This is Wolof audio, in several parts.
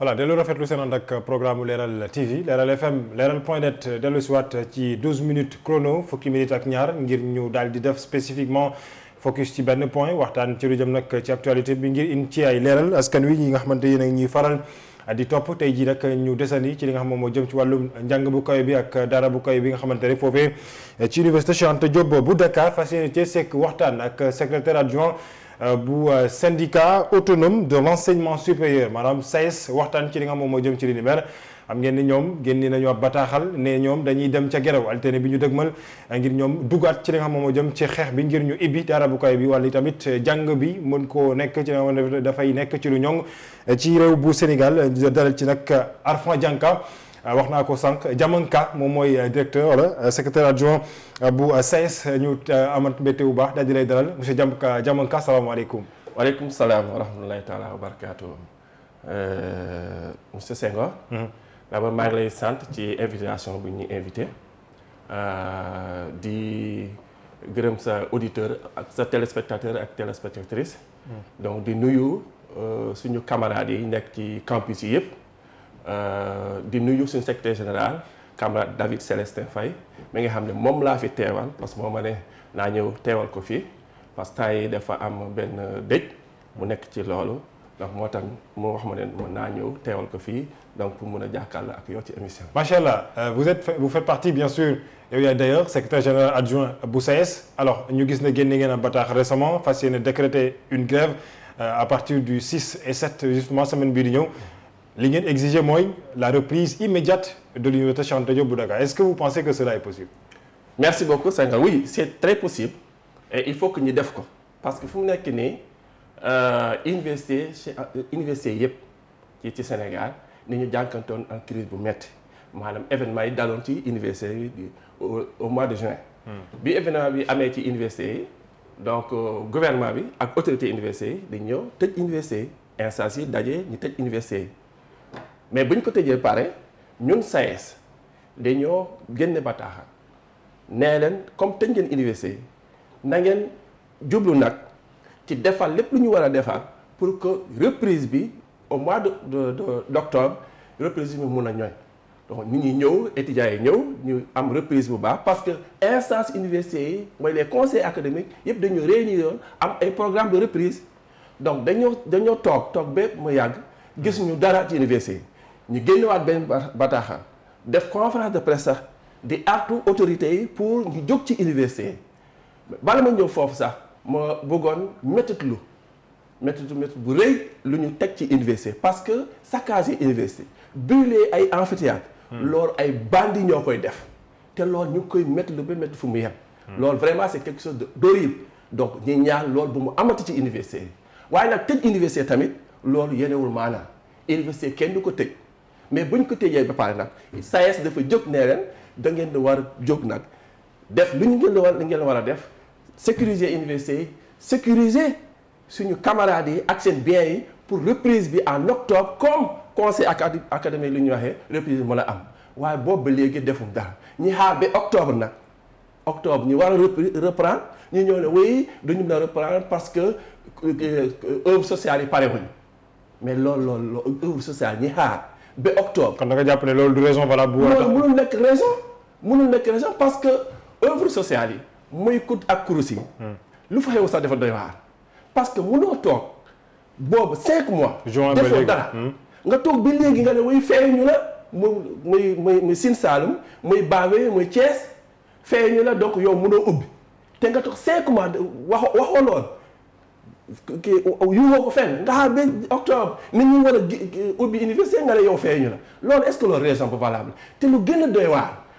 voilà dellu rafetlu seen ànd ak programme Leral TV Leral FM Leral point net dellu si waat ci 12 minutes chrono fukki minutes ak ñaar ngir ñu daal di def spécifiquement focus ci benn point waxtaan ci lu jëm nag ci actualité bi ngir in ci ay leeral askan wi ñi nga xamante yéen nag ñuy faral di topp tey jii nag ñu desandi ci li nga xam moom moo jëm ci wàllum njàng bu kawe bi ak dara bu kawe bi nga xamante ne foofee ci université Cheikh Anta Diop bu Dakar fas cee sekk waxtaan ak secrétaire adjoint Euh, bu euh, syndicat autonome de l'enseignement supérieur maanaam SAES e waxtaan ci li nga moom moo jëm ci li ni mel xam ngeen ñoom génne nañu ab bataaxal ne ñoom dañuy dem ca gerew altine bi ñu dëgmal euh, ngir ñoom duggaat ci li nga xam moo jëm ci xeex bi ngir ñu ibbi daarabukaay bi wala tamit jàng bi mën koo nekk ci dafay nekk ci lu ñoŋ ci réew bu Sénégal dalal ci nag Arfan Dianka Euh, wax naa ko sànq Diamanka moom mooy euh, directeur wala euh, secrétaire adjoint bu SAES ñu amat mbégte bu baax daal di lay dalal monsieur Diamanka Diamanka salaamaaleykum. waaleykum salaam wa rahmatulahi taala wa barakaatu monsieur Senghor. Mhm. d'abord lay sant ci invitation bi ñu invité di gërëm sa auditeur ak sa téléspectateur ak téléspectatrice. Mhm. donc di nuyu suñu camarades yi nekk ci campus yi yëpp. Euh, di nuyu suñu secrétaire général camarade David Célestin fay mi nga xam ne moom laa fi teewal parce que moo ma ne naa ñëw teewal ko fii parce que temps yi dafa am benn dëj bu nekk ci loolu donc moo tax moo wax ma ne mën naa ñëw teewal ko fii donc pour mun a jàkkaarloo ak yow ci émission bi. macha allah euh, vous êtes vous faites partie bien sûr yow yaay d'ailleurs secrétaire général adjoint bu SAES alors ñu gis ne génne ngeen a bataax récemment fas yéene décréter une grève euh, à partir du 6 et 7 justement semaine bii di ñëw. li ngeen exiger mooy la reprise immédiate de l'université Cheikh Anta Diop bu Dakar est-ce que vous pensez que cela est possible merci beaucoup Senghor oui c'est très possible et il faut que ñu def ko parce que fu mu nekk nii euh, université euh, université yëpp ci ci Sénégal ni ñu jànkantoon en crise bu metti maanaam événement yi daloon ci université yi au mois de juin hmm. bi événement bi amee ci université yi donc euh, gouvernement bi ak autorité université yi dañ ñëw tëj université yi yi daje ñu tëj université yi mais bu ñu ko tëjee pare ñun SAES e dañoo génne bataaxal nee leen comme tëj ngeen université na ngeen jublu nag ci defar lépp lu ñu war a defar pour que reprise bi au mois de de d' octobre reprise bi mun a ñooñ donc nit ñi ñëw étudiants yi ñëw ñu am reprise bu baax parce que instance université yi mooy les conseils académiques yëpp dañu réunir yoon am ay programme de reprise donc dañoo dañoo toog toog ba mu yàgg gisuñu dara ci université yi ñu génnewaat benn bataaxal def conférence de presse sax di artu autorités yi pour ñu jóg ci université yi bala ma ñëw foofu sax ma bëggoon métitlu métitu métit bu rëy lu ñu teg ci université parce que saccage université brûler ay amphithéâtre hmm. lool ay bandi ñoo koy def te loolu ñu koy métitlu ba métti fu mu yem hmm. loolu vraiment c'est quelque chose d'horrible donc ñu ñaan loolu bu mu amati ci université yi waaye nag tëj université tamit loolu yenewul maanaam université kenn du ko tëj mais bu buñ ko téjee ba pare nag SAES e dafa jóg nee leen da ngeen di war jóg nag def lu ñu ngeen di war li ngeen war a def sécuriser université yi sécuriser suñu camarades yi ak seen biens yi pour reprise bi en octobre comme conseil académique lu ñuy waxee reprise bi mën a am waaye boobu ba léegi defum dara ñi xaar ba octobre nag octobre ñu war a reprendre ñu ñëw ne oui duñu mën a reprendre parce que euh, euh, œuvre sociale yi pare mais loolu loolu loolu œuvre sociale ñi xaar ba octobre. kon da nga jàpp ne loolu du raison valable bu war a. mënul nekk raison mënul nekk raison parce que œuvre sociale yi muy kut ak kurus yi. Hmm. lu fa xew sax dafa doy waar. parce que mënoo toog boobu cinq mois. juin ba léegi defoo dara hmm. nga toog ba léegi nga ne way feeñu la. mu muy muy muy Sine Saalum muy Bawee muy Thiès feeñu la donc yow mënoo ubbi te nga toog cinq mois wax waxoo lool. kii yóbboo ko fenn ndax ba octobre nit ñi war a ubbi université nga ne yow feeñu la loolu est-ce que loolu raison bu valable te lu gën a doy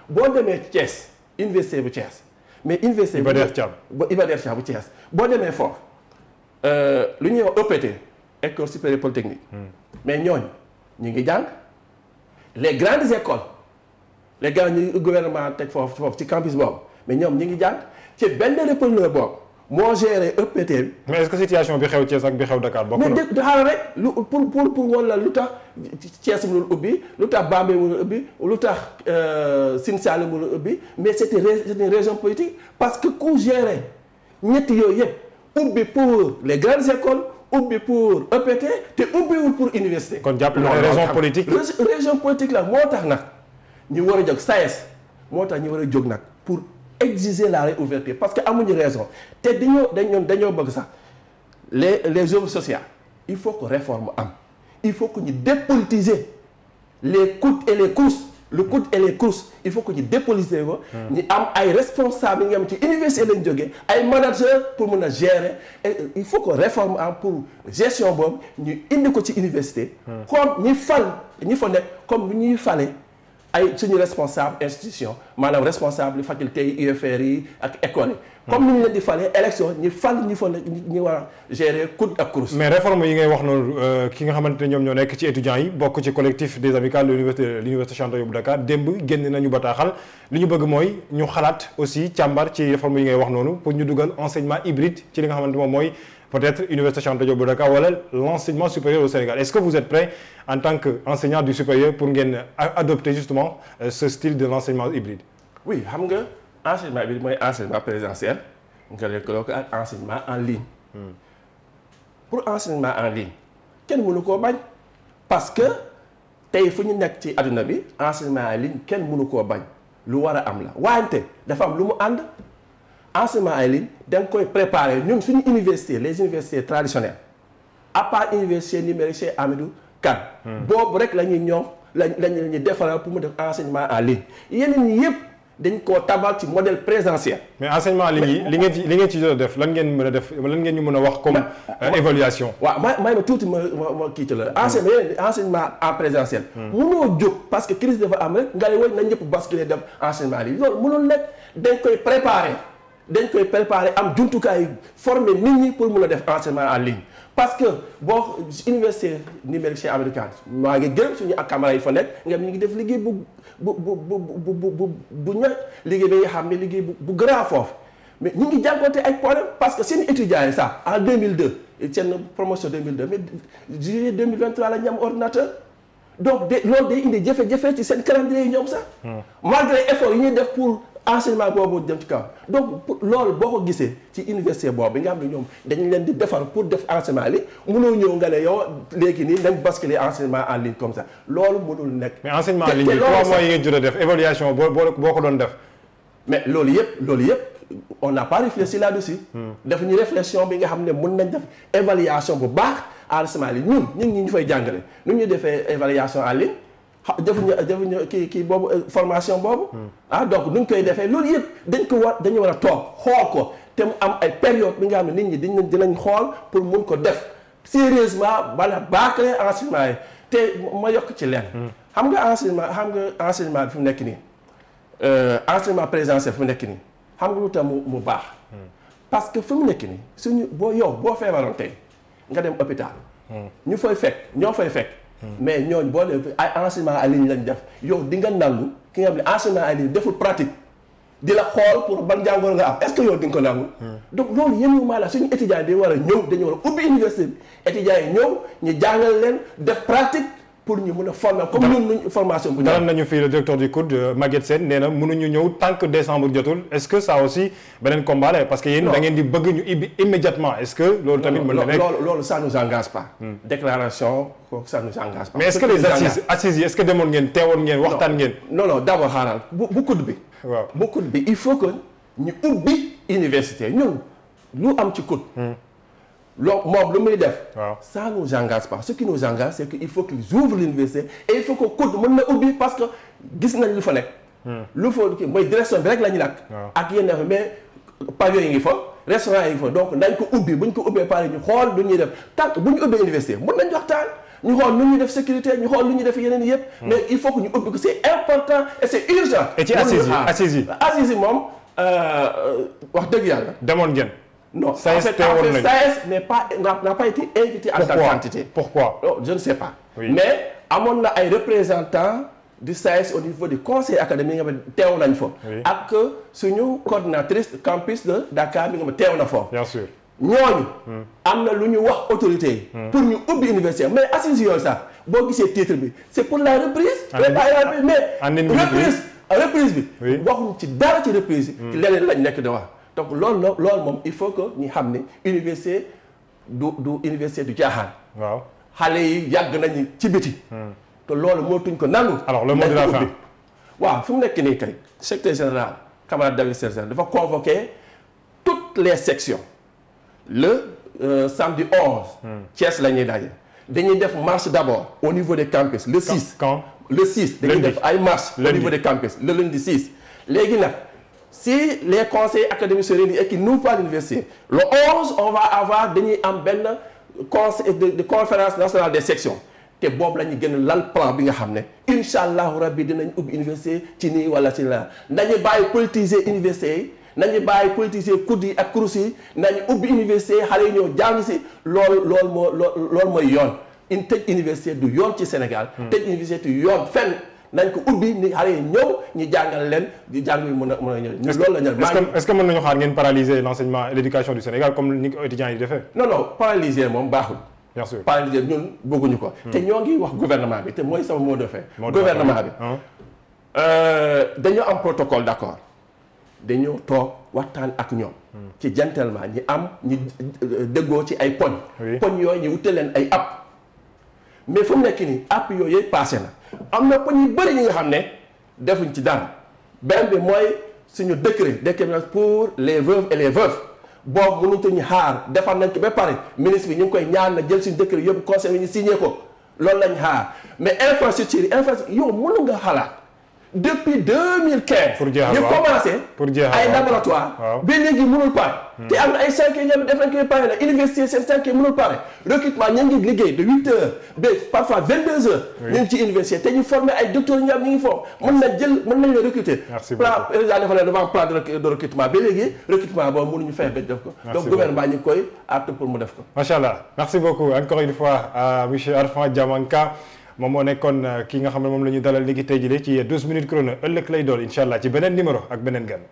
boo demee Thiès université bu Thiès. mais université bu Iba Der Thiam bu Iba Der bu Thiès boo demee foofu euh, lu ñuy wax EPT école supérieure polytechnique. Hmm. mais ñooñu ñu ngi jàng les grandes écoles les grands ñu gouvernement teg foofu foofu ci campus boobu mais ñoom ñu ngi jàng ci benn repreneur boobu. moo géré EPT bi. mais est-ce que situation bi xew Thiès ak bi xew Dakar bokk na. mais dëkk xaaral rek lu pour pour pour lu tax Thiès mënul ubbi lu tax Bambey mënul ubbi lu tax euh, Sine Saalum mënul ubbi mais c'est une parce que ku géré ñetti yëpp pour les grandes écoles ubbi pour EPT te ubbiwul pour université. kon jàpp na région politique. région politique la moo tax na ñu war a jóg SAES e moo tax ñu war a jóg nag pour. exiger la réouverture parce que amuñu raison te dañoo dañoo dañoo bëgg sax les les œuvres sociales il faut que réforme am il faut que ñu dépolitiser les coûts les courses le coût les courses il faut que ñu dépolitiser ko. Hmm. ñu am ay responsables yi nga am ci université lañ jógee ay managers pour mun a gérer et il faut que réforme am pour gestion boobu ñu indi ko ci université. comme ñu fal ñi fa nekk comme ñuy fale. ay suñu responsable institution maanaam responsable faculté yi UFR yi ak école yi. comme ni ñu leen di falee élection ñi fal ñi fa ñi war a gérer coude ak crouse. mais réforme yi ngay wax noonu euh, ki nga xamante ne ñoom ñoo nekk ci étudiants yi bokk ci collectif des amicales de l'université l'université Cheikh Anta Dakar démb génn nañu bataaxal li ñu bëgg mooy ñu xalaat aussi càmbar ci réforme yi ngay wax noonu pour ñu dugal enseignement hybride ci li nga xamante moom mooy. peut-être Université Cheikh Anta Diop bu wala l'enseignement supérieur au Sénégal est-ce que vous êtes prêt en tant qu'enseignant du supérieur pour ngeen adopter justement euh, ce style de l'enseignement hybride oui xam nga enseignement hybride mooy enseignement présentiel nga lëkkaloo ko ak enseignement en ligne hmm. pour enseignement en ligne kenn mënu koo bañ parce que tey fu ñu nekk ci adduna bi enseignement en ligne kenn mënu koo bañ lu war a am la waante dafa enseignement en ligne da nga koy préparer ñun suñu université les universités traditionnelles à part université numérique Cheikh Hamidou Kane hmm. boobu rek la ñuy ñoom lañ lañ ñuy defaral pour mu def enseignement en ligne yeneen ñi yëpp dañ koo tabax ci modèle présentiel. mais enseignement en ligne yi li ngeen ci li ngeen ci doon def lan ngeen mën a def lan ngeen ñu mën a wax comme euh, évaluation. waaw may may ma tuuti ma ma ma kii ci la. Hmm. enseignement enseignement en présentiel. mënoo hmm. jóg parce que crise dafa am rek nga ne woon na ñëpp basculer dem enseignement en ligne loolu mënul nekk dañ koy préparer. dañ koy préparer am jumtukaay former nit ñi pour mun a def enseignement en ligne parce que boo université numérique chez américaine maa ngi gërëm suñu ak camarades yi fa nekk nga ñu ngi def liggéey bu bu bu bu bu bu ña liggéey bi nga xam ne liggéey bu bu grand foofu mais ñu ngi jànkoonte ak problème parce que seen étudiants yi sax en 2002 seen promotion 2002 mais juillet 2023 la ñu am ordinateur donc de loolu day indi jafe-jafe ci seen calendrier yi ñëw sax. Hmm. malgré effort yi ñuy def pour. enseignement boobu jëm ci kaw donc loolu boo ko gisee ci université boobu bi nga xam ne ñoom dañu leen di defar pour def enseignement li mënoo ñëw nga ne yow léegi nii nañ basculer enseignement en ligne comme ça loolu mënul nekk. mais enseignement en ligne bi trois mois yi nga boo boo ko doon def. mais loolu yëpp loolu yëpp on n'a pas réfléchi là-dessus. Hmm. def ñu réflexion bi nga xam ne mën nañ def évaluation bu baax enseignement li ñun ñun ñu fay jàngale nu ñu defee évaluation en ligne. xa jëfuñu jëfuñu kii kii boobu euh, formation boobu. Hmm. ah donc nuñ koy defee loolu yëpp dañ ko war dañu war a toog xool ko te mu am ay période bi nga xam ne nit ñi dinañ dinañ xool pour mun ko def sérieusement bala baaxalee enseignement yi te ma yokk ci leen hmm. xam nga enseignement xam nga enseignement bi fi mu nekk nii euh, enseignement présentiel fu mu nekk nii xam nga lu tax mu baax. Hmm. parce que fi mu nekk nii suñu boo yow boo feebaroon tey nga dem hôpital. ñu fay fekk ñoo fay fekk. mais ñooñu boo leen ay enseignement en ligne def yow di nga nangu ki nga xam ne enseignement en deful pratique di la xool pour ban jàngoor nga am est-ce que yow di nga ko nangu. Hmm. donc loolu yëngu maa la suñu étudiants yi dañu war a ñëw dañu war a ubbi université bi étudiants yi ñëw ñu jàngal leen def pratique. pour ñu mun a former comme ñun nuñ formation bu dalal nañu fii le directeur du COUD euh, Maguette Sène nee na mënuñu ñëw tant décembre jotul est-ce que ça aussi beneen combat parce que yéen da di bëgg ñu ibbi immédiatement est-ce que loolu tamit mën na nekk loolu loolu ça nous engage hmm. déclaration kooku ça nous engage mais est-ce que les assises assises yi est-ce que demoon ngeen teewoon ngeen waxtaan ngeen non non xaaral bu bu COUD bi waaw bu COUD bi il faut que ñu ubbi université loo moom lu muy def. waaw ça nous engage pas ce qui nous engage c' est que il faut qu'ils ouvrent l'université il faut que COUD mën na ubbi parce que gis nañ lu fa nekk. Hmm. lu fa kii mooy direction bi rek la ñu nag. ak yenn mais pavillon yi ngi fa. restaurant yi ngi fa donc nañ ko ubbi bu ñu ko ubbee pare ñu xool lu ñuy def tant bu ñu ubbee université mën nañ waxtaan ñu xool lu ñuy def sécurité ñu xool lu ñu def yeneen yëpp. Hmm. mais il faut que ñu ubbi ko c' et c' est urgent. et ci moom euh, wax dëgg yàlla. demoon ngeen. non SAES teewoon nañu en fait SAES n'est pas n'a pas été invité. en sais pas. mais amoon na ay représentants di SAES au niveau du conseil académique nga xam ne teew nañ fa. ak suñu coordinatrice campus de Dakar mi nga xam ne teew na foofu. bien sûr ñooñu. Hmm. am na lu ñu wax autorité yi. Hmm. pour ñu ubbi université mais assises yooyu sax boo gisee titre bi c'est pour la reprise. mais reprise reprise bi. waxuñ ci dara ci reprise. Hmm. ci leneen lañu nekk de wax. donc loolu la loolu moom il faut que ñu xam ne université du du université du caaxaan. waaw xale yi yàgg nañu ci biti. Hmm. te loolu mootuñ ko nanu. alors le mot de la waaw fu mu nekk nii kay secrétaire général camarade David Sersen dafa convoquer toutes les sections le euh, samedi 11. Hmm. Thiès la ñuy daje. dañuy def marche d'abord au niveau des campus le 6. quand le 6 dañuy def ay marche au niveau des campus le lundi 6 léegi nag. si les conseils académiques se réunissent et qu'ils n'ouvrent pas l'université le avoir dañuy am benn conseil de conférence nationale de sections te boob la ñu gën a lal plan bi nga xam ne incha allahu rabbi dinañ ubbi université ci nii wala ci la nañu bàyyi politiser université yi nañu bàyyi politiser kudd yi ak kurus yi nañu ubbi université yi xale yi ñëw jàng si lool loolu moo loolu mooy yoon une tëj université du yoon ci Sénégal hmm. tëj université du yoon fenn nañ ko ubbi ni xale yi ñëw ñu jàngal leen di jàng bi mën a mën a ñëw loolu la ñu est-ce que mën nañu xaar ngeen paralyser l'enseignement et l'éducation du Sénégal comme ni ko étudiants defee non non moom baaxul bien sûr paralyser ko hmm. te ñoo ngi wax gouvernement bi te mooy sama mot de fin gouvernement bi euh, dañoo am protocole d'accord dañoo toog waxtaan ak ñoom hmm. ci gentlement ñi am ñi euh, déggoo ci ay poñ poñ yooyu ñu wute leen ay app mais fu mu nekk nii app yooyu yëpp passé na am na poñ ñu bëri yi nga xam ne defuñ ci daan benn bi mooy suñu décret décret bi pour les veuves et les veuves boobu ñu xaar defar nañ ko ba pare ministre bi ñu ngi koy ñaan na jël suñu décret yóbbu conseil bi ñu signé ko loolu lañ xaar mais infrastructure infrastructure yow mënu nga xalaat depuis 2015. pour jeexal waaw ñu commencé. pour jeexal waaw ay laboratoire. waaw hmm. te am na ay pare la université seen liggéey de huit heures ba parfois vingt deux heures. ñu ngi ci te ñu formé ay docteurs ñoom ñu ngi foofu. mën na jël mën nañ la plan président dafa la devant plan de recrutement ba léegi recrutement def ko. donc gouvernement ñu ngi koy àtt pour moom moo nekkoon euh, ki nga xam ne moom la ñu dalal léegi tey jëlee ci 12 minutes chrono ëllëg lay doon incha ci beneen numéro ak beneen gan.